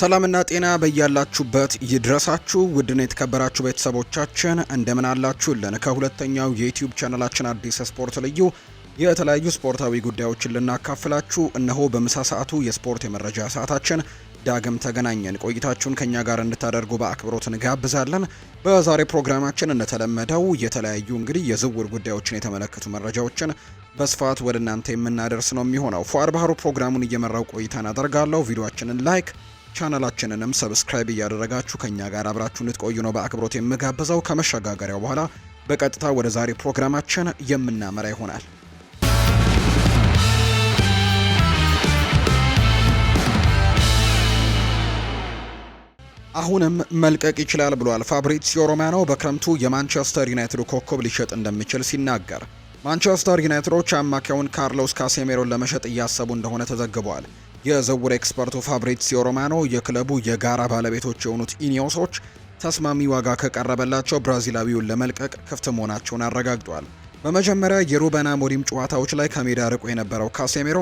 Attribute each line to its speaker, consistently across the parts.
Speaker 1: ሰላምና ጤና በያላችሁበት ይድረሳችሁ። ውድን የተከበራችሁ ቤተሰቦቻችን እንደምን አላችሁልን? ከሁለተኛው የዩትዩብ ቻናላችን አዲስ ስፖርት ልዩ የተለያዩ ስፖርታዊ ጉዳዮችን ልናካፍላችሁ እነሆ በምሳ ሰዓቱ የስፖርት የመረጃ ሰዓታችን ዳግም ተገናኘን። ቆይታችሁን ከኛ ጋር እንድታደርጉ በአክብሮት እንጋብዛለን። በዛሬ ፕሮግራማችን እንደተለመደው የተለያዩ እንግዲህ የዝውውር ጉዳዮችን የተመለከቱ መረጃዎችን በስፋት ወደ እናንተ የምናደርስ ነው የሚሆነው። ፏር ባህሩ ፕሮግራሙን እየመራው ቆይታን አደርጋለሁ። ቪዲዮችንን ላይክ ቻናላችንንም ሰብስክራይብ እያደረጋችሁ ከኛ ጋር አብራችሁ እንድትቆዩ ነው በአክብሮት የምጋብዘው። ከመሸጋገሪያው በኋላ በቀጥታ ወደ ዛሬ ፕሮግራማችን የምናመራ ይሆናል። አሁንም መልቀቅ ይችላል ብሏል ፋብሪዚዮ ሮማኖ በክረምቱ የማንቸስተር ዩናይትድ ኮከብ ሊሸጥ እንደሚችል ሲናገር ማንቸስተር ዩናይትዶች አማካዩን ካርሎስ ካሴሜሮን ለመሸጥ እያሰቡ እንደሆነ ተዘግቧል። የዝውውር ኤክስፐርቱ ፋብሪዚዮ ሮማኖ የክለቡ የጋራ ባለቤቶች የሆኑት ኢኒዮሶች ተስማሚ ዋጋ ከቀረበላቸው ብራዚላዊውን ለመልቀቅ ክፍት መሆናቸውን አረጋግጧል። በመጀመሪያ የሩበን አሞሪም ጨዋታዎች ላይ ከሜዳ ርቆ የነበረው ካሴሜሮ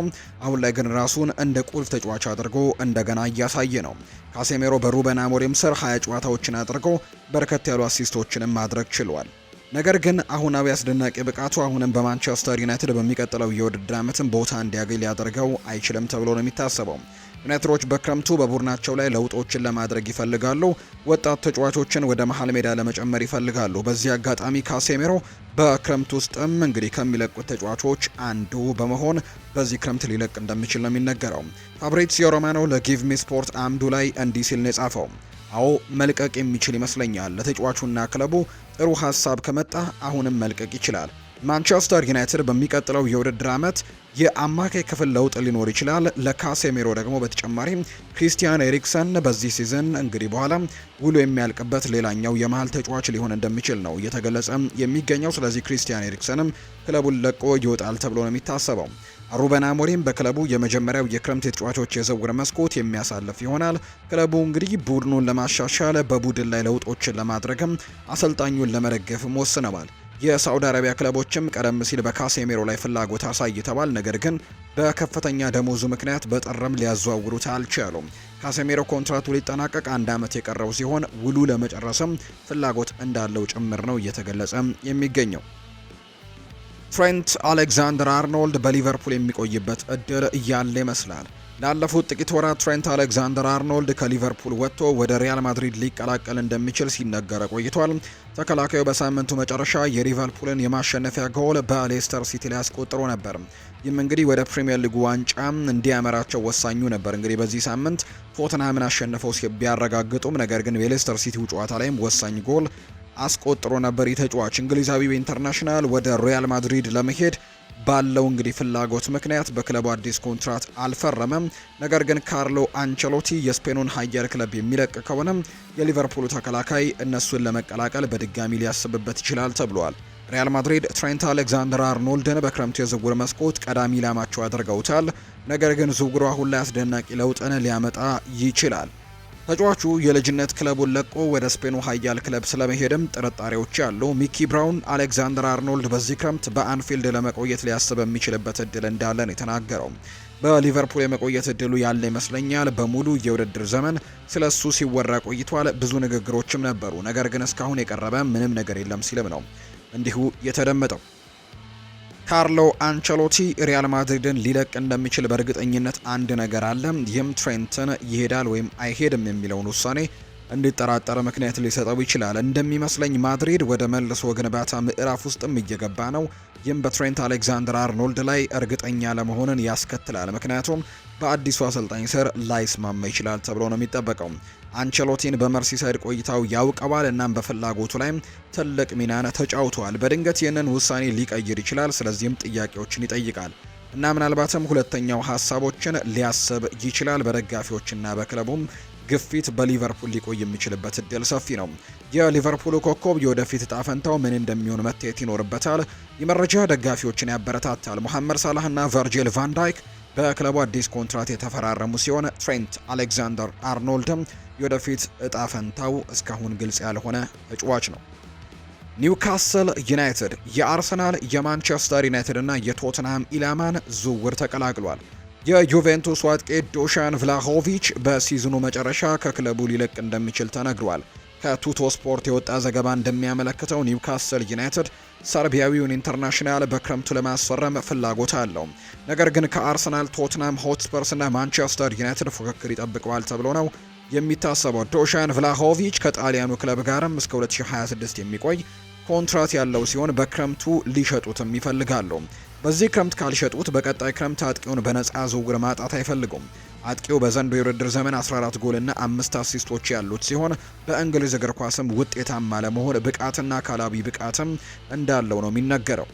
Speaker 1: አሁን ላይ ግን ራሱን እንደ ቁልፍ ተጫዋች አድርጎ እንደገና እያሳየ ነው። ካሴሜሮ በሩበን አሞሪም ስር ሀያ ጨዋታዎችን አድርጎ በርከት ያሉ አሲስቶችንም ማድረግ ችሏል። ነገር ግን አሁናዊ አስደናቂ ብቃቱ አሁንም በማንቸስተር ዩናይትድ በሚቀጥለው የውድድር ዓመትም ቦታ እንዲያገኝ ሊያደርገው አይችልም ተብሎ ነው የሚታሰበው። ዩናይትዶች በክረምቱ በቡድናቸው ላይ ለውጦችን ለማድረግ ይፈልጋሉ። ወጣት ተጫዋቾችን ወደ መሀል ሜዳ ለመጨመር ይፈልጋሉ። በዚህ አጋጣሚ ካሴሜሮ በክረምት ውስጥም እንግዲህ ከሚለቁት ተጫዋቾች አንዱ በመሆን በዚህ ክረምት ሊለቅ እንደሚችል ነው የሚነገረው። ፋብሪዚዮ ሮማኖ ለጊቭ ሚ ስፖርት አምዱ ላይ እንዲህ ሲል ነው የጻፈው አዎ መልቀቅ የሚችል ይመስለኛል። ለተጫዋቹና ክለቡ ጥሩ ሀሳብ ከመጣ አሁንም መልቀቅ ይችላል። ማንቸስተር ዩናይትድ በሚቀጥለው የውድድር ዓመት የአማካይ ክፍል ለውጥ ሊኖር ይችላል። ለካሴሜሮ ደግሞ በተጨማሪ ክሪስቲያን ኤሪክሰን በዚህ ሲዝን እንግዲህ በኋላ ውሎ የሚያልቅበት ሌላኛው የመሀል ተጫዋች ሊሆን እንደሚችል ነው እየተገለጸ የሚገኘው። ስለዚህ ክሪስቲያን ኤሪክሰንም ክለቡን ለቆ ይወጣል ተብሎ ነው የሚታሰበው። ሩበን አሞሪም በክለቡ የመጀመሪያው የክረምት የተጫዋቾች የዝውውር መስኮት የሚያሳልፍ ይሆናል። ክለቡ እንግዲህ ቡድኑን ለማሻሻል በቡድን ላይ ለውጦችን ለማድረግም አሰልጣኙን ለመደገፍም ወስነዋል። የሳውዲ አረቢያ ክለቦችም ቀደም ሲል በካሴሜሮ ላይ ፍላጎት አሳይተዋል። ነገር ግን በከፍተኛ ደሞዙ ምክንያት በጥርም ሊያዘዋውሩት አልቻሉም። ካሴሜሮ ኮንትራቱ ሊጠናቀቅ አንድ ዓመት የቀረው ሲሆን ውሉ ለመጨረስም ፍላጎት እንዳለው ጭምር ነው እየተገለጸ የሚገኘው። ትሬንት አሌክዛንደር አርኖልድ በሊቨርፑል የሚቆይበት እድል እያለ ይመስላል። ላለፉት ጥቂት ወራት ትሬንት አሌክዛንደር አርኖልድ ከሊቨርፑል ወጥቶ ወደ ሪያል ማድሪድ ሊቀላቀል እንደሚችል ሲነገረ ቆይቷል። ተከላካዩ በሳምንቱ መጨረሻ የሊቨርፑልን የማሸነፊያ ጎል በሌስተር ሲቲ ላይ አስቆጥሮ ነበር። ይህም እንግዲህ ወደ ፕሪምየር ሊጉ ዋንጫ እንዲያመራቸው ወሳኙ ነበር። እንግዲህ በዚህ ሳምንት ቶተንሃምን አሸንፈው ቢያረጋግጡም ነገር ግን የሌስተር ሲቲው ጨዋታ ላይም ወሳኝ ጎል አስቆጥሮ ነበር። የተጫዋች እንግሊዛዊው ኢንተርናሽናል ወደ ሪያል ማድሪድ ለመሄድ ባለው እንግዲህ ፍላጎት ምክንያት በክለቡ አዲስ ኮንትራት አልፈረመም። ነገር ግን ካርሎ አንቸሎቲ የስፔኑን ሀየር ክለብ የሚለቅ ከሆነም የሊቨርፑሉ ተከላካይ እነሱን ለመቀላቀል በድጋሚ ሊያስብበት ይችላል ተብሏል። ሪያል ማድሪድ ትሬንት አሌክዛንደር አርኖልድን በክረምቱ የዝውውር መስኮት ቀዳሚ ኢላማቸው አድርገውታል። ነገር ግን ዝውውሩ አሁን ላይ አስደናቂ ለውጥን ሊያመጣ ይችላል። ተጫዋቹ የልጅነት ክለቡን ለቆ ወደ ስፔኑ ሃያል ክለብ ስለመሄድም ጥርጣሬዎች አሉ ሚኪ ብራውን አሌክዛንደር አርኖልድ በዚህ ክረምት በአንፊልድ ለመቆየት ሊያስብ የሚችልበት እድል እንዳለ ነው የተናገረው። በሊቨርፑል የመቆየት እድሉ ያለ ይመስለኛል። በሙሉ የውድድር ዘመን ስለ እሱ ሲወራ ቆይቷል። ብዙ ንግግሮችም ነበሩ፣ ነገር ግን እስካሁን የቀረበ ምንም ነገር የለም ሲልም ነው እንዲሁ የተደመጠው። ካርሎ አንቸሎቲ ሪያል ማድሪድን ሊለቅ እንደሚችል በእርግጠኝነት አንድ ነገር አለ። ይህም ትሬንትን ይሄዳል ወይም አይሄድም የሚለውን ውሳኔ እንዲጠራጠር ምክንያት ሊሰጠው ይችላል። እንደሚመስለኝ ማድሪድ ወደ መልሶ ግንባታ ምዕራፍ ውስጥም እየገባ ነው። ይህም በትሬንት አሌክዛንደር አርኖልድ ላይ እርግጠኛ ለመሆንን ያስከትላል። ምክንያቱም በአዲሱ አሰልጣኝ ስር ላይስማማ ይችላል ተብሎ ነው የሚጠበቀው። አንቸሎቲን በመርሲሳይድ ቆይታው ያውቀዋል። እናም በፍላጎቱ ላይ ትልቅ ሚናን ተጫውተዋል። በድንገት ይህንን ውሳኔ ሊቀይር ይችላል፣ ስለዚህም ጥያቄዎችን ይጠይቃል እና ምናልባትም ሁለተኛው ሀሳቦችን ሊያስብ ይችላል። በደጋፊዎችና በክለቡም ግፊት በሊቨርፑል ሊቆይ የሚችልበት እድል ሰፊ ነው። የሊቨርፑሉ ኮከብ የወደፊት ጣፈንታው ምን እንደሚሆን መታየት ይኖርበታል። የመረጃ ደጋፊዎችን ያበረታታል። ሞሐመድ ሳላህና ቨርጂል ቫንዳይክ በክለቡ አዲስ ኮንትራት የተፈራረሙ ሲሆን ትሬንት አሌክዛንደር አርኖልድም የወደፊት እጣ ፈንታው እስካሁን ግልጽ ያልሆነ ተጫዋች ነው። ኒውካስል ዩናይትድ የአርሰናል የማንቸስተር ዩናይትድ እና የቶትንሃም ኢላማን ዝውውር ተቀላቅሏል። የዩቬንቱስ አጥቂ ዶሻን ቭላሆቪች በሲዝኑ መጨረሻ ከክለቡ ሊለቅ እንደሚችል ተነግሯል። ከቱቶ ስፖርት የወጣ ዘገባ እንደሚያመለክተው ኒውካስል ዩናይትድ ሰርቢያዊውን ኢንተርናሽናል በክረምቱ ለማስፈረም ፍላጎት አለው። ነገር ግን ከአርሰናል፣ ቶትናም ሆትስፐርስ እና ማንቸስተር ዩናይትድ ፉክክር ይጠብቀዋል ተብሎ ነው የሚታሰበው ዶሻን ቭላሆቪች ከጣሊያኑ ክለብ ጋርም እስከ 2026 የሚቆይ ኮንትራት ያለው ሲሆን በክረምቱ ሊሸጡትም ይፈልጋሉ። በዚህ ክረምት ካልሸጡት በቀጣይ ክረምት አጥቂውን በነፃ ዝውውር ማጣት አይፈልጉም። አጥቂው በዘንዶ የውድድር ዘመን 14 ጎልና አምስት አሲስቶች ያሉት ሲሆን በእንግሊዝ እግር ኳስም ውጤታማ ለመሆን ብቃትና አካላዊ ብቃትም እንዳለው ነው የሚነገረው።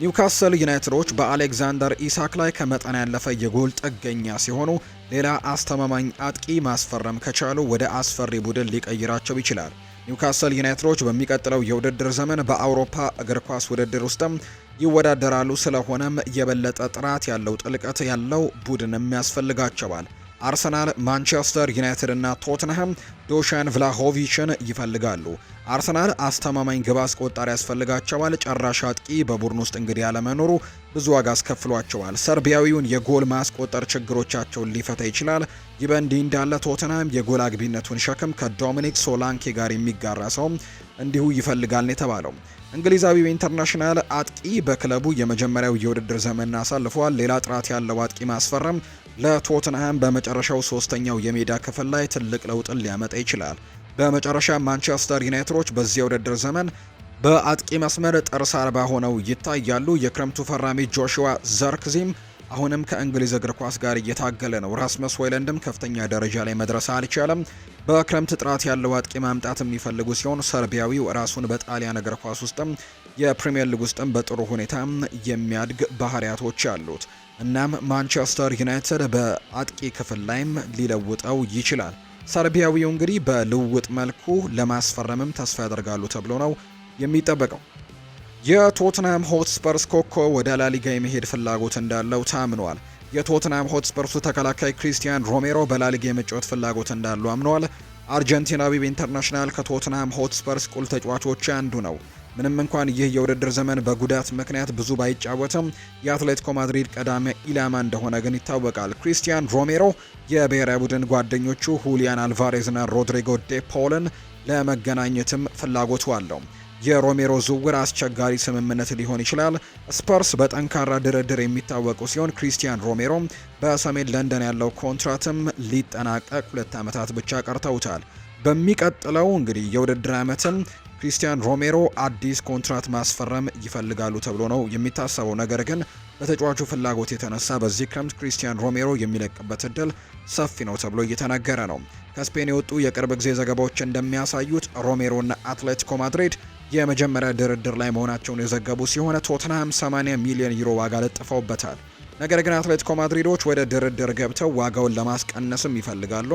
Speaker 1: ኒውካስል ዩናይትዶች በአሌክዛንደር ኢሳክ ላይ ከመጠን ያለፈ የጎል ጥገኛ ሲሆኑ ሌላ አስተማማኝ አጥቂ ማስፈረም ከቻሉ ወደ አስፈሪ ቡድን ሊቀይራቸው ይችላል። ኒውካስል ዩናይትዶች በሚቀጥለው የውድድር ዘመን በአውሮፓ እግር ኳስ ውድድር ውስጥም ይወዳደራሉ። ስለሆነም የበለጠ ጥራት ያለው ጥልቀት ያለው ቡድንም ያስፈልጋቸዋል። አርሰናል፣ ማንቸስተር ዩናይትድ እና ቶትንሃም ዶሻን ቭላሆቪችን ይፈልጋሉ። አርሰናል አስተማማኝ ግብ አስቆጣሪ ያስፈልጋቸዋል። ጨራሽ አጥቂ በቡድን ውስጥ እንግዲህ ያለመኖሩ ብዙ ዋጋ አስከፍሏቸዋል። ሰርቢያዊውን የጎል ማስቆጠር ችግሮቻቸውን ሊፈታ ይችላል። ይህ በእንዲህ እንዳለ ቶትንሃም የጎል አግቢነቱን ሸክም ከዶሚኒክ ሶላንኬ ጋር የሚጋራ ሰው እንዲሁ ይፈልጋል ነው የተባለው። እንግሊዛዊው ኢንተርናሽናል አጥቂ በክለቡ የመጀመሪያው የውድድር ዘመን አሳልፏል። ሌላ ጥራት ያለው አጥቂ ማስፈረም ለቶትንሃም በመጨረሻው ሶስተኛው የሜዳ ክፍል ላይ ትልቅ ለውጥን ሊያመጣ ይችላል። በመጨረሻ ማንቸስተር ዩናይትዶች በዚያ ውድድር ዘመን በአጥቂ መስመር ጥርስ አልባ ሆነው ይታያሉ። የክረምቱ ፈራሚ ጆሹዋ ዘርክዚም አሁንም ከእንግሊዝ እግር ኳስ ጋር እየታገለ ነው። ራስመስ ሆይለንድም ከፍተኛ ደረጃ ላይ መድረስ አልቻለም። በክረምት ጥራት ያለው አጥቂ ማምጣት የሚፈልጉ ሲሆን ሰርቢያዊው ራሱን በጣሊያን እግር ኳስ ውስጥም የፕሪምየር ሊግ ውስጥም በጥሩ ሁኔታ የሚያድግ ባህሪያቶች አሉት። እናም ማንቸስተር ዩናይትድ በአጥቂ ክፍል ላይም ሊለውጠው ይችላል። ሰርቢያዊው እንግዲህ በልውውጥ መልኩ ለማስፈረምም ተስፋ ያደርጋሉ ተብሎ ነው የሚጠበቀው። የቶትናም ሆትስፐርስ ኮከብ ወደ ላሊጋ የመሄድ ፍላጎት እንዳለው ታምኗል። የቶትናም ሆትስፐርሱ ተከላካይ ክሪስቲያን ሮሜሮ በላሊጋ የመጫወት ፍላጎት እንዳለው አምኗል። አርጀንቲናዊው ኢንተርናሽናል ከቶትናም ሆትስፐርስ ቁል ተጫዋቾች አንዱ ነው። ምንም እንኳን ይህ የውድድር ዘመን በጉዳት ምክንያት ብዙ ባይጫወትም የአትሌቲኮ ማድሪድ ቀዳሚ ኢላማ እንደሆነ ግን ይታወቃል። ክሪስቲያን ሮሜሮ የብሔራዊ ቡድን ጓደኞቹ ሁሊያን አልቫሬዝና ሮድሪጎ ዴ ፖልን ለመገናኘትም ፍላጎቱ አለው። የሮሜሮ ዝውውር አስቸጋሪ ስምምነት ሊሆን ይችላል። ስፐርስ በጠንካራ ድርድር የሚታወቁ ሲሆን ክሪስቲያን ሮሜሮ በሰሜን ለንደን ያለው ኮንትራትም ሊጠናቀቅ ሁለት ዓመታት ብቻ ቀርተውታል። በሚቀጥለው እንግዲህ የውድድር ዓመትም ክሪስቲያን ሮሜሮ አዲስ ኮንትራት ማስፈረም ይፈልጋሉ ተብሎ ነው የሚታሰበው። ነገር ግን በተጫዋቹ ፍላጎት የተነሳ በዚህ ክረምት ክሪስቲያን ሮሜሮ የሚለቅበት እድል ሰፊ ነው ተብሎ እየተነገረ ነው። ከስፔን የወጡ የቅርብ ጊዜ ዘገባዎች እንደሚያሳዩት ሮሜሮና አትሌቲኮ ማድሪድ የመጀመሪያ ድርድር ላይ መሆናቸውን የዘገቡ ሲሆን ቶትንሃም 80 ሚሊዮን ዩሮ ዋጋ ለጥፈውበታል። ነገር ግን አትሌቲኮ ማድሪዶች ወደ ድርድር ገብተው ዋጋውን ለማስቀነስም ይፈልጋሉ።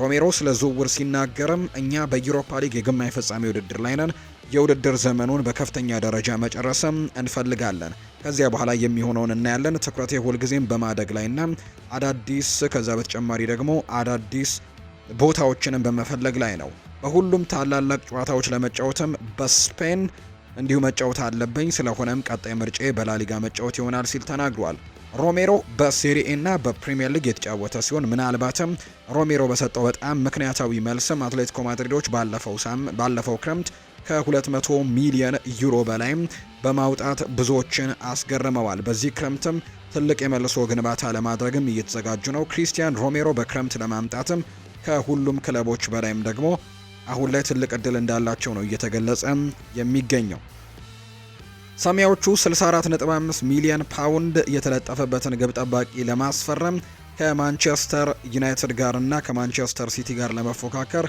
Speaker 1: ሮሜሮ ስለ ዝውውር ሲናገርም እኛ በዩሮፓ ሊግ የግማሽ ፍጻሜ ውድድር ላይ ነን። የውድድር ዘመኑን በከፍተኛ ደረጃ መጨረስም እንፈልጋለን። ከዚያ በኋላ የሚሆነውን እናያለን። ትኩረት የሁልጊዜም በማደግ ላይና አዳዲስ ከዛ በተጨማሪ ደግሞ አዳዲስ ቦታዎችንም በመፈለግ ላይ ነው። በሁሉም ታላላቅ ጨዋታዎች ለመጫወትም በስፔን እንዲሁ መጫወት አለብኝ። ስለሆነም ቀጣይ ምርጬ በላሊጋ መጫወት ይሆናል ሲል ተናግሯል። ሮሜሮ በሴሪኤ ና በፕሪምየር ሊግ የተጫወተ ሲሆን ምናልባትም ሮሜሮ በሰጠው በጣም ምክንያታዊ መልስም አትሌቲኮ ማድሪዶች ባለፈው ሳም ባለፈው ክረምት ከ200 ሚሊዮን ዩሮ በላይም በማውጣት ብዙዎችን አስገርመዋል። በዚህ ክረምትም ትልቅ የመልሶ ግንባታ ለማድረግም እየተዘጋጁ ነው። ክሪስቲያን ሮሜሮ በክረምት ለማምጣትም ከሁሉም ክለቦች በላይም ደግሞ አሁን ላይ ትልቅ እድል እንዳላቸው ነው እየተገለጸ የሚገኘው። ሰማያዎቹ 64.5 ሚሊዮን ፓውንድ የተለጠፈበትን ግብ ጠባቂ ለማስፈረም ከማንቸስተር ዩናይትድ ጋር እና ከማንቸስተር ሲቲ ጋር ለመፎካከር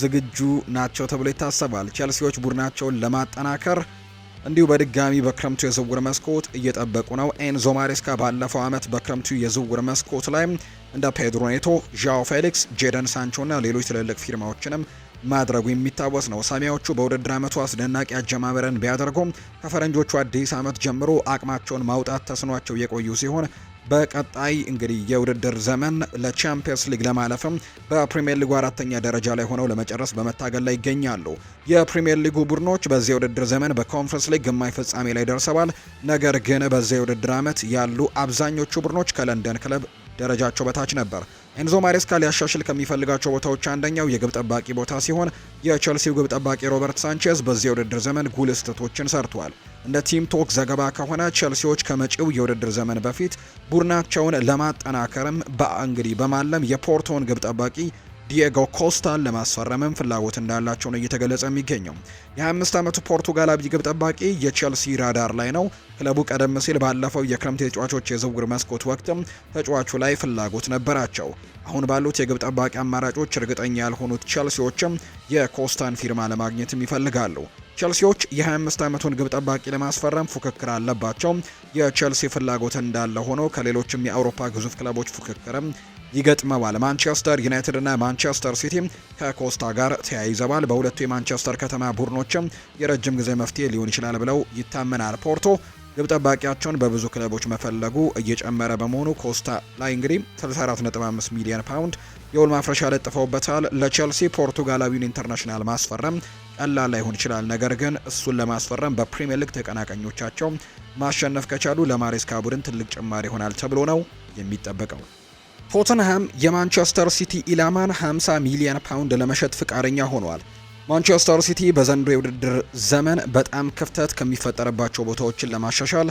Speaker 1: ዝግጁ ናቸው ተብሎ ይታሰባል። ቸልሲዎች ቡድናቸውን ለማጠናከር እንዲሁ በድጋሚ በክረምቱ የዝውውር መስኮት እየጠበቁ ነው። ኤንዞ ማሬስካ ባለፈው ዓመት በክረምቱ የዝውውር መስኮት ላይ እንደ ፔድሮ ኔቶ፣ ዣኦ ፌሊክስ፣ ጄደን ሳንቾ እና ሌሎች ትልልቅ ፊርማዎችንም ማድረጉ የሚታወስ ነው። ሰሚያዎቹ በውድድር ዓመቱ አስደናቂ አጀማመርን ቢያደርጉም ከፈረንጆቹ አዲስ ዓመት ጀምሮ አቅማቸውን ማውጣት ተስኗቸው የቆዩ ሲሆን በቀጣይ እንግዲህ የውድድር ዘመን ለቻምፒየንስ ሊግ ለማለፍም በፕሪምየር ሊጉ አራተኛ ደረጃ ላይ ሆነው ለመጨረስ በመታገል ላይ ይገኛሉ። የፕሪምየር ሊጉ ቡድኖች በዚህ የውድድር ዘመን በኮንፈረንስ ሊግ ግማሽ ፍጻሜ ላይ ደርሰዋል። ነገር ግን በዚህ የውድድር ዓመት ያሉ አብዛኞቹ ቡድኖች ከለንደን ክለብ ደረጃቸው በታች ነበር። ኤንዞ ማሬስካ ሊያሻሽል ከሚፈልጋቸው ቦታዎች አንደኛው የግብ ጠባቂ ቦታ ሲሆን የቸልሲው ግብ ጠባቂ ሮበርት ሳንቼዝ በዚህ የውድድር ዘመን ጉልህ ስህተቶችን ሰርቷል። እንደ ቲም ቶክ ዘገባ ከሆነ ቸልሲዎች ከመጪው የውድድር ዘመን በፊት ቡድናቸውን ለማጠናከርም በእንግዲህ በማለም የፖርቶን ግብ ጠባቂ ዲየጎ ኮስታን ለማስፈረምም ፍላጎት እንዳላቸው ነው እየተገለጸ የሚገኘው። የ25 ዓመቱ ፖርቱጋላዊ ግብ ጠባቂ የቼልሲ ራዳር ላይ ነው። ክለቡ ቀደም ሲል ባለፈው የክረምት ተጫዋቾች የዝውውር መስኮት ወቅትም ተጫዋቹ ላይ ፍላጎት ነበራቸው። አሁን ባሉት የግብ ጠባቂ አማራጮች እርግጠኛ ያልሆኑት ቼልሲዎችም የኮስታን ፊርማ ለማግኘትም ይፈልጋሉ። ቼልሲዎች የ25 ዓመቱን ግብ ጠባቂ ለማስፈረም ፉክክር አለባቸው። የቼልሲ ፍላጎት እንዳለ ሆኖ ከሌሎችም የአውሮፓ ግዙፍ ክለቦች ፉክክርም ይገጥመዋል። ማንቸስተር ዩናይትድ እና ማንቸስተር ሲቲ ከኮስታ ጋር ተያይዘዋል። በሁለቱ የማንቸስተር ከተማ ቡድኖችም የረጅም ጊዜ መፍትሄ ሊሆን ይችላል ብለው ይታመናል። ፖርቶ ግብ ጠባቂያቸውን በብዙ ክለቦች መፈለጉ እየጨመረ በመሆኑ ኮስታ ላይ እንግዲህ 64.5 ሚሊዮን ፓውንድ የውል ማፍረሻ ለጥፈውበታል። ለቼልሲ ፖርቱጋላዊውን ኢንተርናሽናል ማስፈረም ቀላል ላይሆን ይችላል። ነገር ግን እሱን ለማስፈረም በፕሪምየር ሊግ ተቀናቃኞቻቸው ማሸነፍ ከቻሉ ለማሬስካ ቡድን ትልቅ ጭማሪ ይሆናል ተብሎ ነው የሚጠበቀው። ቶተንሃም የማንቸስተር ሲቲ ኢላማን 50 ሚሊዮን ፓውንድ ለመሸጥ ፍቃደኛ ሆኗል። ማንቸስተር ሲቲ በዘንድሮ የውድድር ዘመን በጣም ክፍተት ከሚፈጠርባቸው ቦታዎችን ለማሻሻል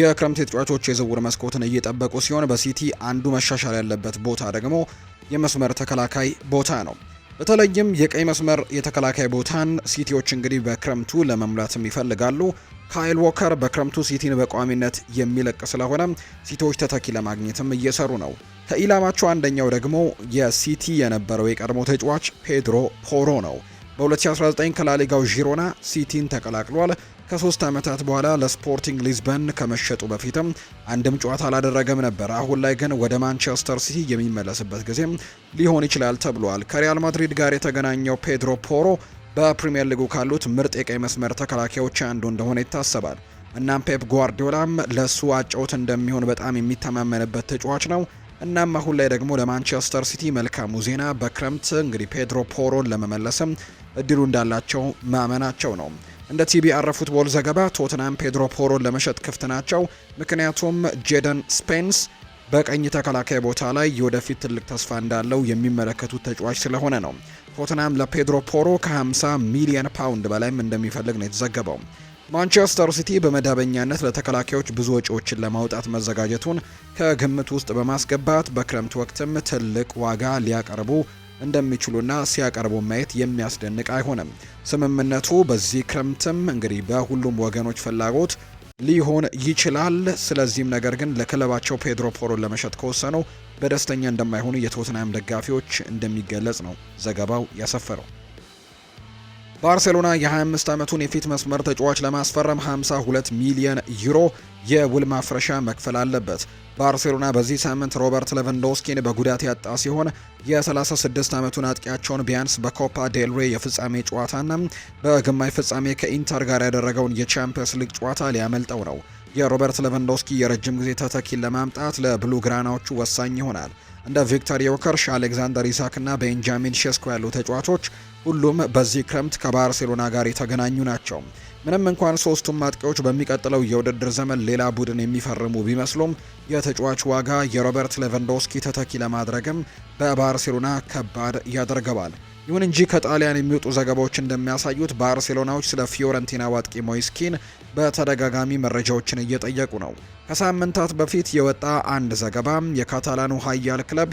Speaker 1: የክረምት የተጫዋቾች የዝውውር መስኮትን እየጠበቁ ሲሆን በሲቲ አንዱ መሻሻል ያለበት ቦታ ደግሞ የመስመር ተከላካይ ቦታ ነው። በተለይም የቀይ መስመር የተከላካይ ቦታን ሲቲዎች እንግዲህ በክረምቱ ለመሙላትም ይፈልጋሉ። ካይል ዎከር በክረምቱ ሲቲን በቋሚነት የሚለቅ ስለሆነ ሲቲዎች ተተኪ ለማግኘትም እየሰሩ ነው። ከኢላማቹ አንደኛው ደግሞ የሲቲ የነበረው የቀድሞ ተጫዋች ፔድሮ ፖሮ ነው። በ2019 ከላሊጋው ዢሮና ሲቲን ተቀላቅሏል። ከሶስት ዓመታት በኋላ ለስፖርቲንግ ሊዝበን ከመሸጡ በፊትም አንድም ጨዋታ አላደረገም ነበር። አሁን ላይ ግን ወደ ማንቸስተር ሲቲ የሚመለስበት ጊዜም ሊሆን ይችላል ተብሏል። ከሪያል ማድሪድ ጋር የተገናኘው ፔድሮ ፖሮ በፕሪምየር ሊጉ ካሉት ምርጥ የቀይ መስመር ተከላካዮች አንዱ እንደሆነ ይታሰባል። እናም ፔፕ ጓርዲዮላም ለእሱ አጨውት እንደሚሆን በጣም የሚተማመንበት ተጫዋች ነው። እናም አሁን ላይ ደግሞ ለማንቸስተር ሲቲ መልካሙ ዜና በክረምት እንግዲህ ፔድሮ ፖሮን ለመመለስም እድሉ እንዳላቸው ማመናቸው ነው። እንደ ቲቢአር ፉትቦል ዘገባ ቶትናም ፔድሮ ፖሮን ለመሸጥ ክፍት ናቸው፣ ምክንያቱም ጄደን ስፔንስ በቀኝ ተከላካይ ቦታ ላይ የወደፊት ትልቅ ተስፋ እንዳለው የሚመለከቱት ተጫዋች ስለሆነ ነው። ቶትናም ለፔድሮ ፖሮ ከ50 ሚሊየን ፓውንድ በላይም እንደሚፈልግ ነው የተዘገበው። ማንቸስተር ሲቲ በመደበኛነት ለተከላካዮች ብዙ ወጪዎችን ለማውጣት መዘጋጀቱን ከግምት ውስጥ በማስገባት በክረምት ወቅትም ትልቅ ዋጋ ሊያቀርቡ እንደሚችሉና ሲያቀርቡ ማየት የሚያስደንቅ አይሆንም። ስምምነቱ በዚህ ክረምትም እንግዲህ በሁሉም ወገኖች ፍላጎት ሊሆን ይችላል። ስለዚህም ነገር ግን ለክለባቸው ፔድሮ ፖሮን ለመሸጥ ከወሰኑ በደስተኛ እንደማይሆኑ የቶትናም ደጋፊዎች እንደሚገለጽ ነው ዘገባው ያሰፈረው። ባርሴሎና የ25 ዓመቱን የፊት መስመር ተጫዋች ለማስፈረም 52 ሚሊዮን ዩሮ የውል ማፍረሻ መክፈል አለበት። ባርሴሎና በዚህ ሳምንት ሮበርት ሌቫንዶስኪን በጉዳት ያጣ ሲሆን የ36 ዓመቱን አጥቂያቸውን ቢያንስ በኮፓ ዴልሬ የፍጻሜ ጨዋታና በግማሽ ፍጻሜ ከኢንተር ጋር ያደረገውን የቻምፒየንስ ሊግ ጨዋታ ሊያመልጠው ነው። የሮበርት ሌቫንዶስኪ የረጅም ጊዜ ተተኪን ለማምጣት ለብሉ ግራናዎቹ ወሳኝ ይሆናል። እንደ ቪክተር ዮከርሽ፣ አሌክዛንደር ኢሳክና ቤንጃሚን ሼስኮ ያሉ ተጫዋቾች ሁሉም በዚህ ክረምት ከባርሴሎና ጋር የተገናኙ ናቸው። ምንም እንኳን ሶስቱም አጥቂዎች በሚቀጥለው የውድድር ዘመን ሌላ ቡድን የሚፈርሙ ቢመስሉም የተጫዋች ዋጋ የሮበርት ሌቫንዶስኪ ተተኪ ለማድረግም በባርሴሎና ከባድ ያደርገዋል። ይሁን እንጂ ከጣሊያን የሚወጡ ዘገባዎች እንደሚያሳዩት ባርሴሎናዎች ስለ ፊዮረንቲና ዋጥቂ ሞይስኪን በተደጋጋሚ መረጃዎችን እየጠየቁ ነው። ከሳምንታት በፊት የወጣ አንድ ዘገባ የካታላኑ ኃያል ክለብ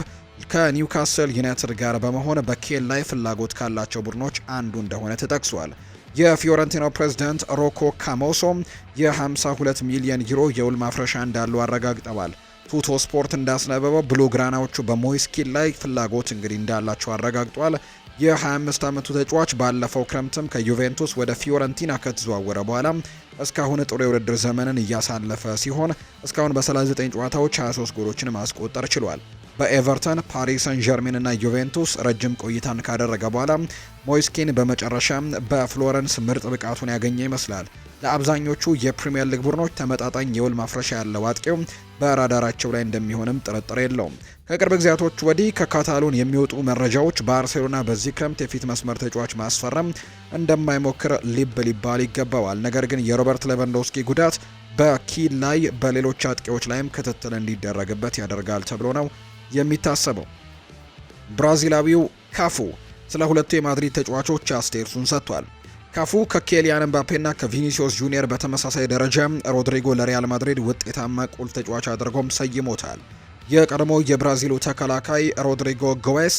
Speaker 1: ከኒውካስል ዩናይትድ ጋር በመሆን በኬል ላይ ፍላጎት ካላቸው ቡድኖች አንዱ እንደሆነ ተጠቅሷል። የፊዮረንቲና ፕሬዝዳንት ሮኮ ካሞሶ የ52 ሚሊዮን ዩሮ የውል ማፍረሻ እንዳሉ አረጋግጠዋል። ቱቶ ስፖርት እንዳስነበበው ብሉግራናዎቹ በሞይስ ላይ ፍላጎት እንግዲህ እንዳላቸው አረጋግጧል። የ25 ዓመቱ ተጫዋች ባለፈው ክረምትም ከዩቬንቱስ ወደ ፊዮረንቲና ከተዘዋወረ በኋላ እስካሁን ጥሩ የውድድር ዘመንን እያሳለፈ ሲሆን እስካሁን በ39 ጨዋታዎች 23 ጎሎችን ማስቆጠር ችሏል። በኤቨርተን ፓሪስ ሰን ጀርሜን እና ዩቬንቱስ ረጅም ቆይታን ካደረገ በኋላ ሞይስኪን በመጨረሻ በፍሎረንስ ምርጥ ብቃቱን ያገኘ ይመስላል። ለአብዛኞቹ የፕሪምየር ሊግ ቡድኖች ተመጣጣኝ የውል ማፍረሻ ያለው አጥቂው በራዳራቸው ላይ እንደሚሆንም ጥርጥር የለውም። ከቅርብ ጊዜያቶች ወዲህ ከካታሎን የሚወጡ መረጃዎች ባርሴሎና በዚህ ክረምት የፊት መስመር ተጫዋች ማስፈረም እንደማይሞክር ልብ ሊባል ይገባዋል። ነገር ግን የሮበርት ሌቫንዶስኪ ጉዳት በኪል ላይ በሌሎች አጥቂዎች ላይም ክትትል እንዲደረግበት ያደርጋል ተብሎ ነው የሚታሰበው። ብራዚላዊው ካፉ ስለ ሁለቱ የማድሪድ ተጫዋቾች አስተያየቱን ሰጥቷል። ካፉ ከኬሊያን ኤምባፔና ከቪኒሲዮስ ጁኒየር በተመሳሳይ ደረጃ ሮድሪጎ ለሪያል ማድሪድ ውጤታማ ቁልፍ ተጫዋች አድርጎም ሰይሞታል። የቀድሞ የብራዚሉ ተከላካይ ሮድሪጎ ጎዌስ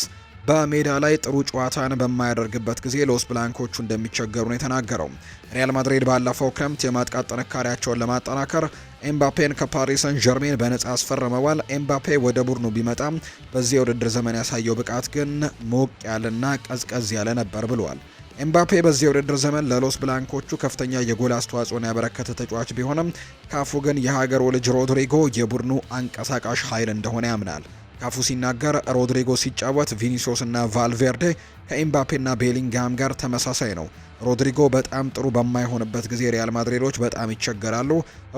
Speaker 1: በሜዳ ላይ ጥሩ ጨዋታን በማያደርግበት ጊዜ ሎስ ብላንኮቹ እንደሚቸገሩ ነው የተናገረው። ሪያል ማድሪድ ባለፈው ክረምት የማጥቃት ጥንካሬያቸውን ለማጠናከር ኤምባፔን ከፓሪስ ሰን ጀርሜን በነጻ አስፈርመዋል። ኤምባፔ ወደ ቡድኑ ቢመጣም በዚህ የውድድር ዘመን ያሳየው ብቃት ግን ሞቅ ያለና ቀዝቀዝ ያለ ነበር ብለዋል። ኤምባፔ በዚህ የውድድር ዘመን ለሎስ ብላንኮቹ ከፍተኛ የጎል አስተዋጽኦን ያበረከተ ተጫዋች ቢሆንም ካፉ ግን የሀገሩ ልጅ ሮድሪጎ የቡድኑ አንቀሳቃሽ ኃይል እንደሆነ ያምናል። ካፉ ሲናገር ሮድሪጎ ሲጫወት ቪኒሲዮስ እና ቫልቬርዴ ከኤምባፔና ቤሊንግሃም ጋር ተመሳሳይ ነው። ሮድሪጎ በጣም ጥሩ በማይሆንበት ጊዜ ሪያል ማድሪዶች በጣም ይቸገራሉ።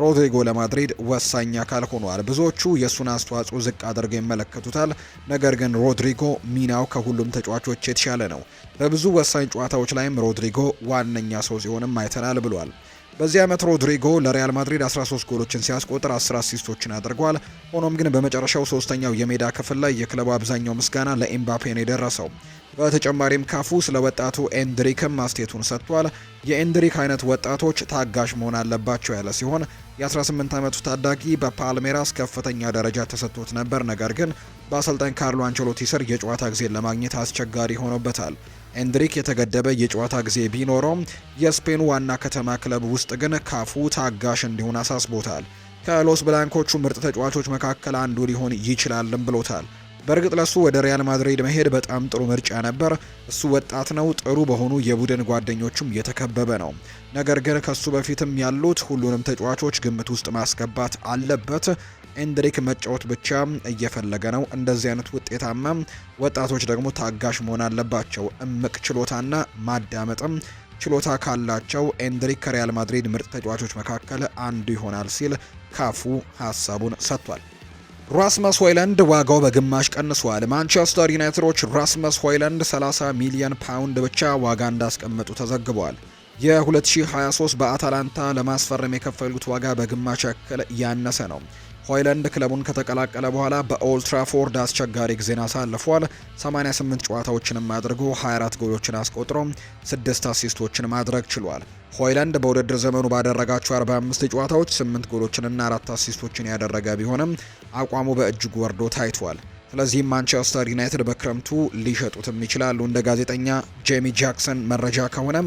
Speaker 1: ሮድሪጎ ለማድሪድ ወሳኝ አካል ሆኗል። ብዙዎቹ የእሱን አስተዋጽኦ ዝቅ አድርገው ይመለከቱታል። ነገር ግን ሮድሪጎ ሚናው ከሁሉም ተጫዋቾች የተሻለ ነው። በብዙ ወሳኝ ጨዋታዎች ላይም ሮድሪጎ ዋነኛ ሰው ሲሆንም አይተናል ብሏል። በዚህ ዓመት ሮድሪጎ ለሪያል ማድሪድ 13 ጎሎችን ሲያስቆጥር 10 አሲስቶችን አድርጓል። ሆኖም ግን በመጨረሻው ሶስተኛው የሜዳ ክፍል ላይ የክለቡ አብዛኛው ምስጋና ለኤምባፔ ነው የደረሰው። በተጨማሪም ካፉ ስለ ወጣቱ ኤንድሪክም ማስቴቱን ሰጥቷል። የኤንድሪክ አይነት ወጣቶች ታጋሽ መሆን አለባቸው ያለ ሲሆን የ18 ዓመቱ ታዳጊ በፓልሜራስ ከፍተኛ ደረጃ ተሰጥቶት ነበር፣ ነገር ግን በአሰልጣኝ ካርሎ አንቸሎቲ ስር የጨዋታ ጊዜን ለማግኘት አስቸጋሪ ሆኖበታል። ኤንድሪክ የተገደበ የጨዋታ ጊዜ ቢኖረውም የስፔኑ ዋና ከተማ ክለብ ውስጥ ግን ካፉ ታጋሽ እንዲሆን አሳስቦታል። ከሎስ ብላንኮቹ ምርጥ ተጫዋቾች መካከል አንዱ ሊሆን ይችላልም ብሎታል። በእርግጥ ለሱ ወደ ሪያል ማድሪድ መሄድ በጣም ጥሩ ምርጫ ነበር። እሱ ወጣት ነው፣ ጥሩ በሆኑ የቡድን ጓደኞቹም የተከበበ ነው። ነገር ግን ከሱ በፊትም ያሉት ሁሉንም ተጫዋቾች ግምት ውስጥ ማስገባት አለበት። ኤንድሪክ መጫወት ብቻ እየፈለገ ነው። እንደዚህ አይነት ውጤታማ ወጣቶች ደግሞ ታጋሽ መሆን አለባቸው። እምቅ ችሎታና ማዳመጥም ችሎታ ካላቸው ኤንድሪክ ከሪያል ማድሪድ ምርጥ ተጫዋቾች መካከል አንዱ ይሆናል ሲል ካፉ ሀሳቡን ሰጥቷል። ራስመስ ሆይላንድ ዋጋው በግማሽ ቀንሷል። ማንቸስተር ዩናይትዶች ራስመስ ሆይላንድ 30 ሚሊዮን ፓውንድ ብቻ ዋጋ እንዳስቀመጡ ተዘግበዋል። የ2023 በአታላንታ ለማስፈረም የከፈሉት ዋጋ በግማሽ ያክል ያነሰ ነው። ሆይለንድ ክለቡን ከተቀላቀለ በኋላ በኦልትራፎርድ አስቸጋሪ ጊዜን አሳልፏል። 88 ጨዋታዎችንም አድርጎ 24 ጎሎችን አስቆጥሮ 6 አሲስቶችን ማድረግ ችሏል። ሆይላንድ በውድድር ዘመኑ ባደረጋቸው 45 ጨዋታዎች 8 ጎሎችንና 4 አሲስቶችን ያደረገ ቢሆንም አቋሙ በእጅጉ ወርዶ ታይቷል። ስለዚህም ማንቸስተር ዩናይትድ በክረምቱ ሊሸጡትም ይችላሉ። እንደ ጋዜጠኛ ጄሚ ጃክሰን መረጃ ከሆነ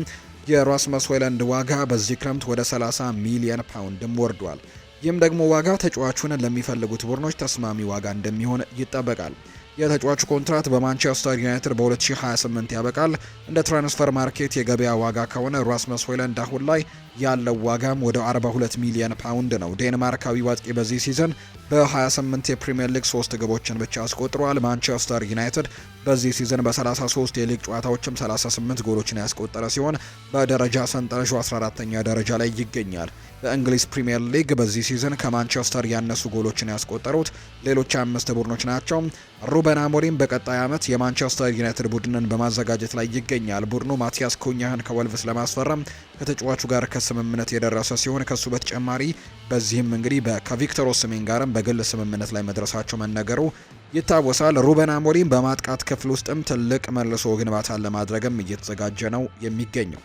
Speaker 1: የራስመስ ሆይላንድ ዋጋ በዚህ ክረምት ወደ 30 ሚሊየን ፓውንድም ወርዷል። ይህም ደግሞ ዋጋ ተጫዋቹን ለሚፈልጉት ቡድኖች ተስማሚ ዋጋ እንደሚሆን ይጠበቃል። የተጫዋቹ ኮንትራት በማንቸስተር ዩናይትድ በ2028 ያበቃል። እንደ ትራንስፈር ማርኬት የገበያ ዋጋ ከሆነ ራስመስ ሆይለንድ አሁን ላይ ያለው ዋጋም ወደ 42 ሚሊዮን ፓውንድ ነው። ዴንማርካዊ ዋጥቂ በዚህ ሲዘን በ28 የፕሪምየር ሊግ 3 ግቦችን ብቻ አስቆጥሯል። ማንቸስተር ዩናይትድ በዚህ ሲዘን በ33 የሊግ ጨዋታዎችም 38 ጎሎችን ያስቆጠረ ሲሆን በደረጃ ሰንጠረዡ 14ኛ ደረጃ ላይ ይገኛል። በእንግሊዝ ፕሪምየር ሊግ በዚህ ሲዝን ከማንቸስተር ያነሱ ጎሎችን ያስቆጠሩት ሌሎች አምስት ቡድኖች ናቸው። ሩበን አሞሪም በቀጣይ ዓመት የማንቸስተር ዩናይትድ ቡድንን በማዘጋጀት ላይ ይገኛል። ቡድኑ ማቲያስ ኩኛህን ከወልቭስ ለማስፈረም ከተጫዋቹ ጋር ከስምምነት የደረሰ ሲሆን ከሱ በተጨማሪ በዚህም እንግዲህ ከቪክተር ኦስሜን ጋርም በግል ስምምነት ላይ መድረሳቸው መነገሩ ይታወሳል። ሩበን አሞሪም በማጥቃት ክፍል ውስጥም ትልቅ መልሶ ግንባታን ለማድረግም እየተዘጋጀ ነው የሚገኘው።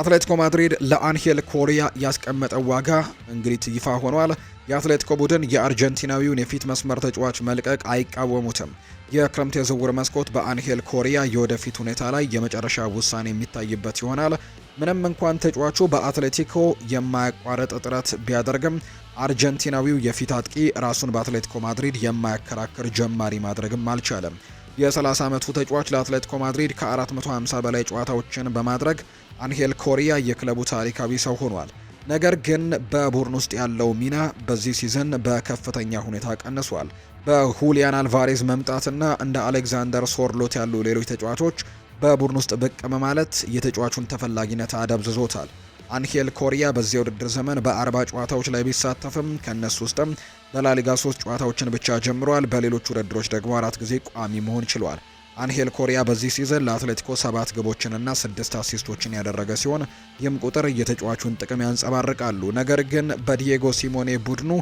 Speaker 1: አትሌቲኮ ማድሪድ ለአንሄል ኮሪያ ያስቀመጠው ዋጋ እንግዲህ ይፋ ሆኗል። የአትሌቲኮ ቡድን የአርጀንቲናዊውን የፊት መስመር ተጫዋች መልቀቅ አይቃወሙትም። የክረምት የዝውውር መስኮት በአንሄል ኮሪያ የወደፊት ሁኔታ ላይ የመጨረሻ ውሳኔ የሚታይበት ይሆናል። ምንም እንኳን ተጫዋቹ በአትሌቲኮ የማያቋረጥ ጥረት ቢያደርግም አርጀንቲናዊው የፊት አጥቂ ራሱን በአትሌቲኮ ማድሪድ የማያከራክር ጀማሪ ማድረግም አልቻለም። የ30 ዓመቱ ተጫዋች ለአትሌቲኮ ማድሪድ ከ450 በላይ ጨዋታዎችን በማድረግ አንሄል ኮሪያ የክለቡ ታሪካዊ ሰው ሆኗል። ነገር ግን በቡድን ውስጥ ያለው ሚና በዚህ ሲዝን በከፍተኛ ሁኔታ ቀንሷል። በሁሊያን አልቫሬዝ መምጣትና እንደ አሌክዛንደር ሶርሎት ያሉ ሌሎች ተጫዋቾች በቡድን ውስጥ ብቅ በማለት የተጫዋቹን ተፈላጊነት አደብዝዞታል። አንሄል ኮሪያ በዚህ ውድድር ዘመን በአርባ ጨዋታዎች ላይ ቢሳተፍም ከእነሱ ውስጥም በላሊጋ ሶስት ጨዋታዎችን ብቻ ጀምሯል። በሌሎች ውድድሮች ደግሞ አራት ጊዜ ቋሚ መሆን ችሏል። አንሄል ኮሪያ በዚህ ሲዝን ለአትሌቲኮ ሰባት ግቦችንና ስድስት አሲስቶችን ያደረገ ሲሆን ይህም ቁጥር የተጫዋቹን ጥቅም ያንጸባርቃሉ። ነገር ግን በዲየጎ ሲሞኔ ቡድኑ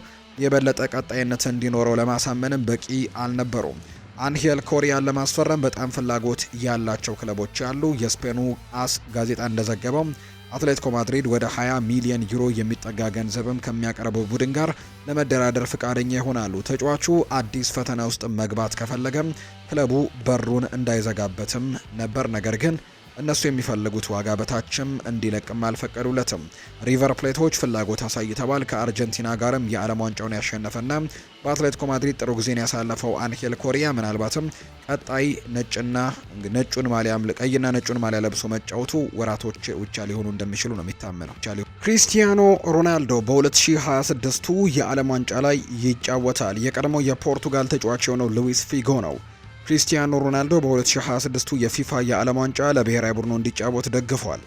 Speaker 1: የበለጠ ቀጣይነት እንዲኖረው ለማሳመንም በቂ አልነበሩም። አንሄል ኮሪያን ለማስፈረም በጣም ፍላጎት ያላቸው ክለቦች አሉ። የስፔኑ አስ ጋዜጣ እንደዘገበው አትሌቲኮ ማድሪድ ወደ 20 ሚሊዮን ዩሮ የሚጠጋ ገንዘብም ከሚያቀርበው ቡድን ጋር ለመደራደር ፈቃደኛ ይሆናሉ። ተጫዋቹ አዲስ ፈተና ውስጥ መግባት ከፈለገም ክለቡ በሩን እንዳይዘጋበትም ነበር። ነገር ግን እነሱ የሚፈልጉት ዋጋ በታችም እንዲለቅም አልፈቀዱለትም። ሪቨር ፕሌቶች ፍላጎት አሳይተዋል። ከአርጀንቲና ጋርም የዓለም ዋንጫውን ያሸነፈና በአትሌቲኮ ማድሪድ ጥሩ ጊዜን ያሳለፈው አንሄል ኮሪያ ምናልባትም ቀጣይ ነጭና ነጩን ማሊያም ቀይና ነጩን ማሊያ ለብሶ መጫወቱ ወራቶች ብቻ ሊሆኑ እንደሚችሉ ነው የሚታመነው። ክሪስቲያኖ ሮናልዶ በ2026ቱ የዓለም ዋንጫ ላይ ይጫወታል። የቀድሞው የፖርቱጋል ተጫዋች የሆነው ሉዊስ ፊጎ ነው ክሪስቲያኖ ሮናልዶ በ 2026 የፊፋ የዓለም ዋንጫ ለብሔራዊ ቡድኑ እንዲጫወት ደግፏል።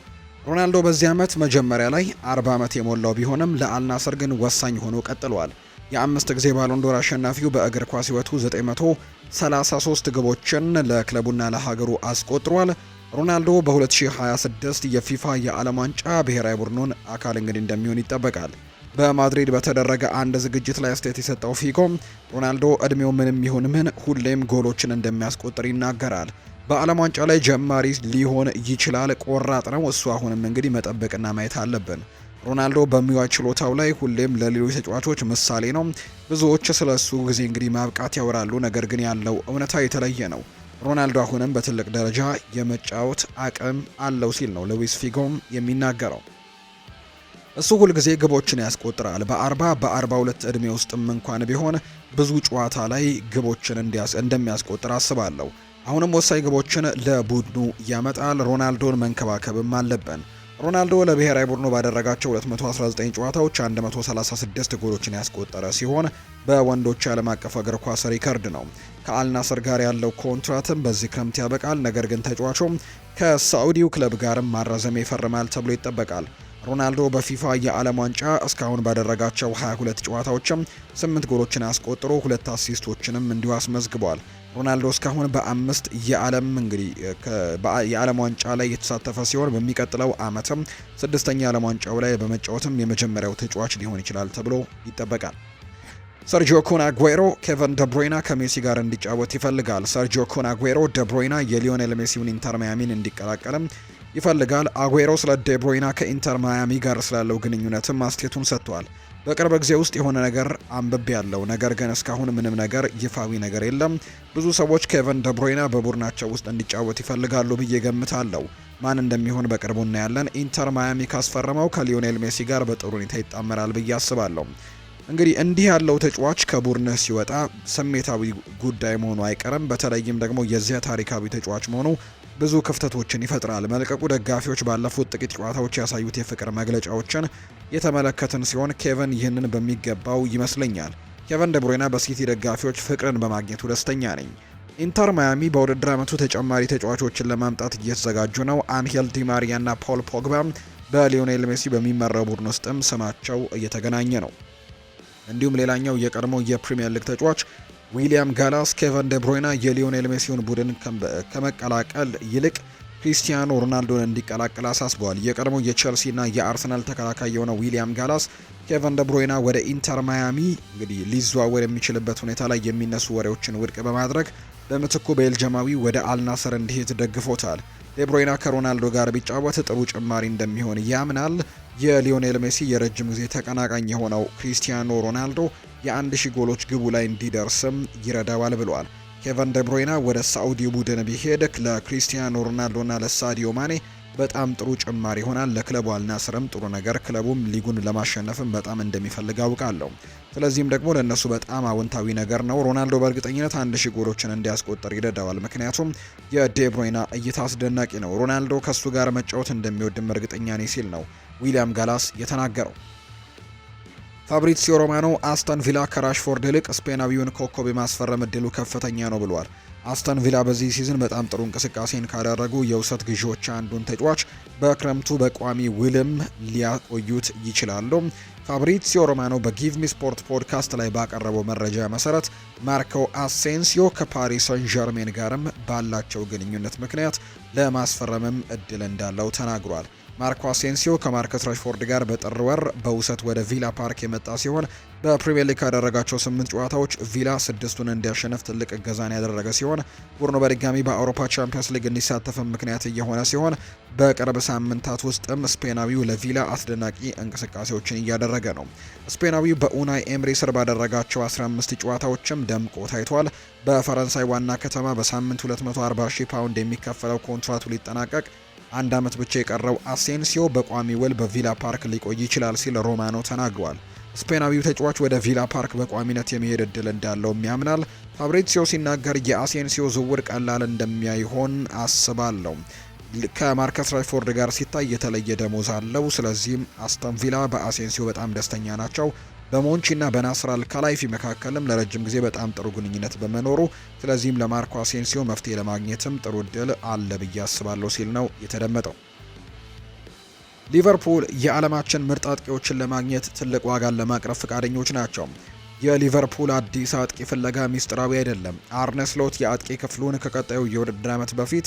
Speaker 1: ሮናልዶ በዚህ ዓመት መጀመሪያ ላይ 40 ዓመት የሞላው ቢሆንም ለአልናስር ግን ወሳኝ ሆኖ ቀጥሏል። የአምስት ጊዜ ባሎንዶር አሸናፊው በእግር ኳስ ሕይወቱ 933 ግቦችን ለክለቡና ለሀገሩ አስቆጥሯል። ሮናልዶ በ2026 የፊፋ የዓለም ዋንጫ ብሔራዊ ቡድኑን አካል እንግዲህ እንደሚሆን ይጠበቃል። በማድሪድ በተደረገ አንድ ዝግጅት ላይ አስተያየት የሰጠው ፊጎ ሮናልዶ እድሜው ምንም ይሁን ምን ሁሌም ጎሎችን እንደሚያስቆጥር ይናገራል። በዓለም ዋንጫ ላይ ጀማሪ ሊሆን ይችላል፣ ቆራጥ ነው እሱ። አሁንም እንግዲህ መጠበቅና ማየት አለብን። ሮናልዶ በሚዋ ችሎታው ላይ ሁሌም ለሌሎች ተጫዋቾች ምሳሌ ነው። ብዙዎች ስለ እሱ ጊዜ እንግዲህ ማብቃት ያወራሉ፣ ነገር ግን ያለው እውነታ የተለየ ነው። ሮናልዶ አሁንም በትልቅ ደረጃ የመጫወት አቅም አለው ሲል ነው ሉዊስ ፊጎም የሚናገረው። እሱ ሁልጊዜ ግቦችን ያስቆጥራል። በአርባ በአርባ ሁለት ዕድሜ ውስጥም እንኳን ቢሆን ብዙ ጨዋታ ላይ ግቦችን እንደሚያስቆጥር አስባለሁ። አሁንም ወሳኝ ግቦችን ለቡድኑ ያመጣል። ሮናልዶን መንከባከብም አለብን። ሮናልዶ ለብሔራዊ ቡድኑ ባደረጋቸው 219 ጨዋታዎች 136 ጎሎችን ያስቆጠረ ሲሆን በወንዶች የዓለም አቀፍ እግር ኳስ ሪከርድ ነው። ከአልናስር ጋር ያለው ኮንትራትም በዚህ ክረምት ያበቃል። ነገር ግን ተጫዋቹም ከሳዑዲው ክለብ ጋርም ማራዘም ይፈርማል ተብሎ ይጠበቃል። ሮናልዶ በፊፋ የዓለም ዋንጫ እስካሁን ባደረጋቸው 22 ጨዋታዎችም 8 ጎሎችን አስቆጥሮ ሁለት አሲስቶችንም እንዲሁ አስመዝግቧል። ሮናልዶ እስካሁን በአምስት የዓለም እንግዲህ የዓለም ዋንጫ ላይ የተሳተፈ ሲሆን በሚቀጥለው ዓመትም ስድስተኛ የዓለም ዋንጫው ላይ በመጫወትም የመጀመሪያው ተጫዋች ሊሆን ይችላል ተብሎ ይጠበቃል። ሰርጂዮ ኩን አጉዌሮ ኬቨን ደብሮይና ከሜሲ ጋር እንዲጫወት ይፈልጋል። ሰርጂዮ ኩን አጉዌሮ ደብሮይና የሊዮኔል ሜሲውን ኢንተር ማያሚን እንዲቀላቀልም ይፈልጋል። አጉዌሮ ስለ ዴብሮይና ከኢንተር ማያሚ ጋር ስላለው ግንኙነትም አስቴቱን ሰጥቷል። በቅርብ ጊዜ ውስጥ የሆነ ነገር አንብብ ያለው ነገር ግን እስካሁን ምንም ነገር ይፋዊ ነገር የለም። ብዙ ሰዎች ኬቨን ደብሮይና በቡድናቸው ውስጥ እንዲጫወት ይፈልጋሉ ብዬ ገምታለሁ። ማን እንደሚሆን በቅርቡ እናያለን። ኢንተር ማያሚ ካስፈረመው ከሊዮኔል ሜሲ ጋር በጥሩ ሁኔታ ይጣመራል ብዬ አስባለሁ። እንግዲህ እንዲህ ያለው ተጫዋች ከቡድንህ ሲወጣ ስሜታዊ ጉዳይ መሆኑ አይቀርም። በተለይም ደግሞ የዚያ ታሪካዊ ተጫዋች መሆኑ ብዙ ክፍተቶችን ይፈጥራል። መልቀቁ ደጋፊዎች ባለፉት ጥቂት ጨዋታዎች ያሳዩት የፍቅር መግለጫዎችን የተመለከትን ሲሆን ኬቨን ይህንን በሚገባው ይመስለኛል። ኬቨን ደብሮይና በሲቲ ደጋፊዎች ፍቅርን በማግኘቱ ደስተኛ ነኝ። ኢንተር ማያሚ በውድድር ዓመቱ ተጨማሪ ተጫዋቾችን ለማምጣት እየተዘጋጁ ነው። አንሄል ዲማሪያና ፖል ፖግባ በሊዮኔል ሜሲ በሚመራው ቡድን ውስጥም ስማቸው እየተገናኘ ነው። እንዲሁም ሌላኛው የቀድሞ የፕሪምየር ሊግ ተጫዋች ዊሊያም ጋላስ ኬቨን ደብሮይና የሊዮኔል ሜሲውን ቡድን ከመቀላቀል ይልቅ ክሪስቲያኖ ሮናልዶን እንዲቀላቀል አሳስበዋል። የቀድሞው የቼልሲና የአርሰናል ተከላካይ የሆነው ዊሊያም ጋላስ ኬቨን ደብሮይና ወደ ኢንተር ማያሚ እንግዲህ ሊዘዋወር የሚችልበት ሁኔታ ላይ የሚነሱ ወሬዎችን ውድቅ በማድረግ በምትኩ ቤልጅማዊ ወደ አልናሰር እንዲሄድ ደግፎታል። ዴብሮይና ከሮናልዶ ጋር ቢጫወት ጥሩ ጭማሪ እንደሚሆን ያምናል። የሊዮኔል ሜሲ የረጅም ጊዜ ተቀናቃኝ የሆነው ክሪስቲያኖ ሮናልዶ የአንድ ሺህ ጎሎች ግቡ ላይ እንዲደርስም ይረዳዋል ብለዋል። ኬቨን ደብሮይና ወደ ሳዑዲ ቡድን ቢሄድ ለክሪስቲያኖ ሮናልዶና ለሳዲዮ ማኔ በጣም ጥሩ ጭማሪ ይሆናል ለክለቡ አልናስርም ጥሩ ነገር ክለቡም ሊጉን ለማሸነፍም በጣም እንደሚፈልግ አውቃለሁ። ስለዚህም ደግሞ ለእነሱ በጣም አዎንታዊ ነገር ነው። ሮናልዶ በእርግጠኝነት አንድ ሺ ጎሎችን እንዲያስቆጠር ይረዳዋል። ምክንያቱም የዴብሮይና እይታ አስደናቂ ነው። ሮናልዶ ከእሱ ጋር መጫወት እንደሚወድም እርግጠኛ ነኝ ሲል ነው ዊሊያም ጋላስ የተናገረው። ፋብሪሲዮ ሮማኖ አስተን ቪላ ከራሽፎርድ ይልቅ ስፔናዊውን ኮከብ የማስፈረም እድሉ ከፍተኛ ነው ብሏል። አስተን ቪላ በዚህ ሲዝን በጣም ጥሩ እንቅስቃሴን ካደረጉ የውሰት ግዢዎች አንዱን ተጫዋች በክረምቱ በቋሚ ውልም ሊያቆዩት ይችላሉ። ፋብሪዚዮ ሮማኖ በጊቭ ሚ ስፖርት ፖድካስት ላይ ባቀረበው መረጃ መሰረት ማርኮ አሴንሲዮ ከፓሪስ ሰን ዠርሜን ጋርም ባላቸው ግንኙነት ምክንያት ለማስፈረምም እድል እንዳለው ተናግሯል። ማርኮ አሴንሲዮ ከማርከስ ራሽፎርድ ጋር በጥር ወር በውሰት ወደ ቪላ ፓርክ የመጣ ሲሆን በፕሪምየር ሊግ ካደረጋቸው ስምንት ጨዋታዎች ቪላ ስድስቱን እንዲያሸነፍ ትልቅ እገዛን ያደረገ ሲሆን ቡድኑ በድጋሚ በአውሮፓ ቻምፒየንስ ሊግ እንዲሳተፍም ምክንያት እየሆነ ሲሆን በቅርብ ሳምንታት ውስጥም ስፔናዊው ለቪላ አስደናቂ እንቅስቃሴዎችን እያደረገ እያደረገ ነው። ስፔናዊው በኡናይ ኤምሪ ስር ባደረጋቸው 15 ጨዋታዎችም ደምቆ ታይቷል። በፈረንሳይ ዋና ከተማ በሳምንት 240 ሺህ ፓውንድ የሚከፈለው ኮንትራቱ ሊጠናቀቅ አንድ ዓመት ብቻ የቀረው አሴንሲዮ በቋሚ ውል በቪላ ፓርክ ሊቆይ ይችላል ሲል ሮማኖ ተናግሯል። ስፔናዊው ተጫዋች ወደ ቪላ ፓርክ በቋሚነት የመሄድ እድል እንዳለውም ያምናል። ፋብሪዚዮ ሲናገር የአሴንሲዮ ዝውውር ቀላል እንደሚያይሆን አስባለሁ። ከማርከስ ራሽፎርድ ጋር ሲታይ የተለየ ደሞዝ አለው። ስለዚህም አስተን ቪላ በአሴንሲዮ በጣም ደስተኛ ናቸው። በሞንቺ እና በናስር አልካላይፊ መካከልም ለረጅም ጊዜ በጣም ጥሩ ግንኙነት በመኖሩ ስለዚህም ለማርኮ አሴንሲዮ መፍትሄ ለማግኘትም ጥሩ እድል አለ ብዬ አስባለሁ ሲል ነው የተደመጠው። ሊቨርፑል የዓለማችን ምርጥ አጥቂዎችን ለማግኘት ትልቅ ዋጋን ለማቅረብ ፈቃደኞች ናቸው። የሊቨርፑል አዲስ አጥቂ ፍለጋ ሚስጥራዊ አይደለም። አርነስሎት የአጥቂ ክፍሉን ከቀጣዩ የውድድር ዓመት በፊት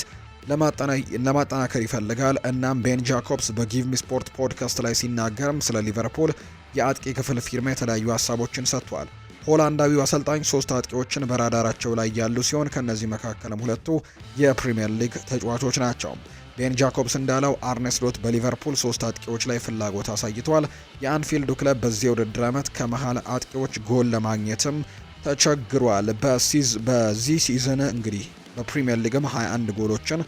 Speaker 1: ለማጠናከር ይፈልጋል። እናም ቤን ጃኮብስ በጊቭሚ ስፖርት ፖድካስት ላይ ሲናገርም ስለ ሊቨርፑል የአጥቂ ክፍል ፊርማ የተለያዩ ሀሳቦችን ሰጥቷል። ሆላንዳዊው አሰልጣኝ ሶስት አጥቂዎችን በራዳራቸው ላይ ያሉ ሲሆን ከእነዚህ መካከልም ሁለቱ የፕሪምየር ሊግ ተጫዋቾች ናቸው። ቤን ጃኮብስ እንዳለው አርኔስሎት በሊቨርፑል ሶስት አጥቂዎች ላይ ፍላጎት አሳይቷል። የአንፊልዱ ክለብ በዚህ ውድድር ዓመት ከመሀል አጥቂዎች ጎል ለማግኘትም ተቸግሯል። በዚህ ሲዝን እንግዲህ በፕሪምየር ሊግም 21 ጎሎችን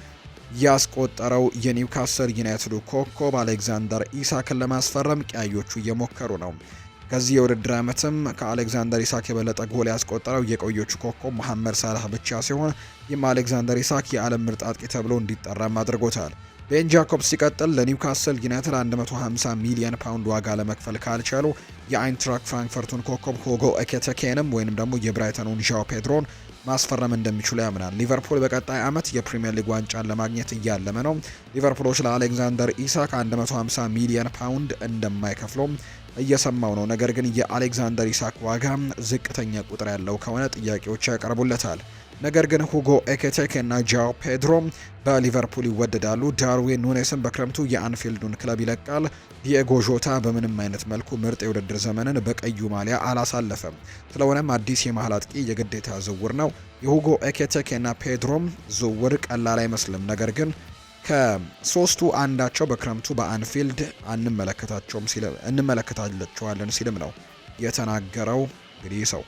Speaker 1: ያስቆጠረው የኒውካስል ዩናይትድ ኮከብ አሌክዛንደር ኢሳክን ለማስፈረም ቀያዮቹ እየሞከሩ ነው። ከዚህ የውድድር ዓመትም ከአሌክዛንደር ኢሳክ የበለጠ ጎል ያስቆጠረው የቆዮቹ ኮከብ መሐመድ ሳላህ ብቻ ሲሆን ይህም አሌክዛንደር ኢሳክ የዓለም ምርጥ አጥቂ ተብሎ እንዲጠራም አድርጎታል። ቤን ጃኮብ ሲቀጥል ለኒውካስል ዩናይትድ 150 ሚሊዮን ፓውንድ ዋጋ ለመክፈል ካልቻሉ የአይንትራክ ፍራንክፈርቱን ኮከብ ሆጎ ኤኬተኬንም ወይንም ደግሞ የብራይተኑን ዣው ፔድሮን ማስፈረም እንደሚችሉ ያምናል። ሊቨርፑል በቀጣይ ዓመት የፕሪምየር ሊግ ዋንጫን ለማግኘት እያለመ ነው። ሊቨርፑሎች ለአሌክዛንደር ኢሳክ 150 ሚሊዮን ፓውንድ እንደማይከፍሎም እየሰማው ነው። ነገር ግን የአሌክዛንደር ኢሳክ ዋጋ ዝቅተኛ ቁጥር ያለው ከሆነ ጥያቄዎች ያቀርቡለታል። ነገር ግን ሁጎ ኤኬቴክ እና ጃው ፔድሮ በሊቨርፑል ይወደዳሉ። ዳርዊን ኑኔስን በክረምቱ የአንፊልዱን ክለብ ይለቃል። ዲኤጎ ዦታ በምንም አይነት መልኩ ምርጥ የውድድር ዘመንን በቀዩ ማሊያ አላሳለፈም። ስለሆነም አዲስ የመሀል አጥቂ የግዴታ ዝውውር ነው። የሁጎ ኤኬቴክ እና ፔድሮም ዝውውር ቀላል አይመስልም። ነገር ግን ከሶስቱ አንዳቸው በክረምቱ በአንፊልድ እንመለከታቸዋለን ሲልም ነው የተናገረው እንግዲህ ሰው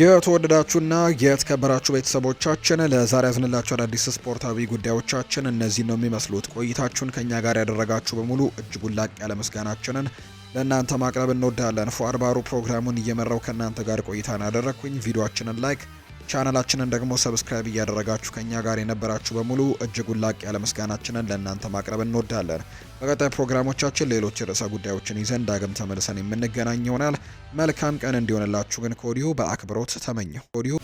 Speaker 1: የተወደዳችሁና የተከበራችሁ ቤተሰቦቻችን ለዛሬ ያዝንላችሁ አዳዲስ ስፖርታዊ ጉዳዮቻችን እነዚህ ነው የሚመስሉት። ቆይታችሁን ከእኛ ጋር ያደረጋችሁ በሙሉ እጅጉን ላቅ ያለ ምስጋናችንን ለእናንተ ማቅረብ እንወዳለን። ፎአርባሩ ፕሮግራሙን እየመራው ከእናንተ ጋር ቆይታን አደረግኩኝ። ቪዲዮችንን ላይክ ቻናላችንን ደግሞ ሰብስክራይብ እያደረጋችሁ ከእኛ ጋር የነበራችሁ በሙሉ እጅጉን ላቅ ያለ ምስጋናችንን ለእናንተ ማቅረብ እንወዳለን። በቀጣይ ፕሮግራሞቻችን ሌሎች ርዕሰ ጉዳዮችን ይዘን ዳግም ተመልሰን የምንገናኝ ይሆናል። መልካም ቀን እንዲሆንላችሁ ግን ከወዲሁ በአክብሮት ተመኘሁ።